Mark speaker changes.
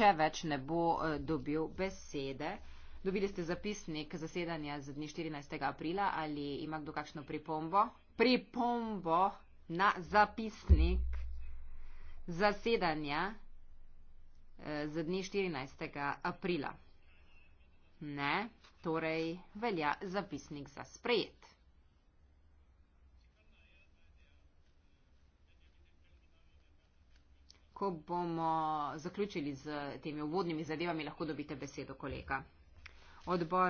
Speaker 1: nihče več ne bo eh, dobil besede. Dobili ste zapisnik zasedanja z dne 14. aprila ali ima kdo kakšno pripombo? Pripombo na zapisnik zasedanja eh, z dne 14. aprila. Ne, torej velja zapisnik za sprejet. ko bomo zaključili z temi uvodnimi zadevami, lahko dobite besedo kolega. Odbor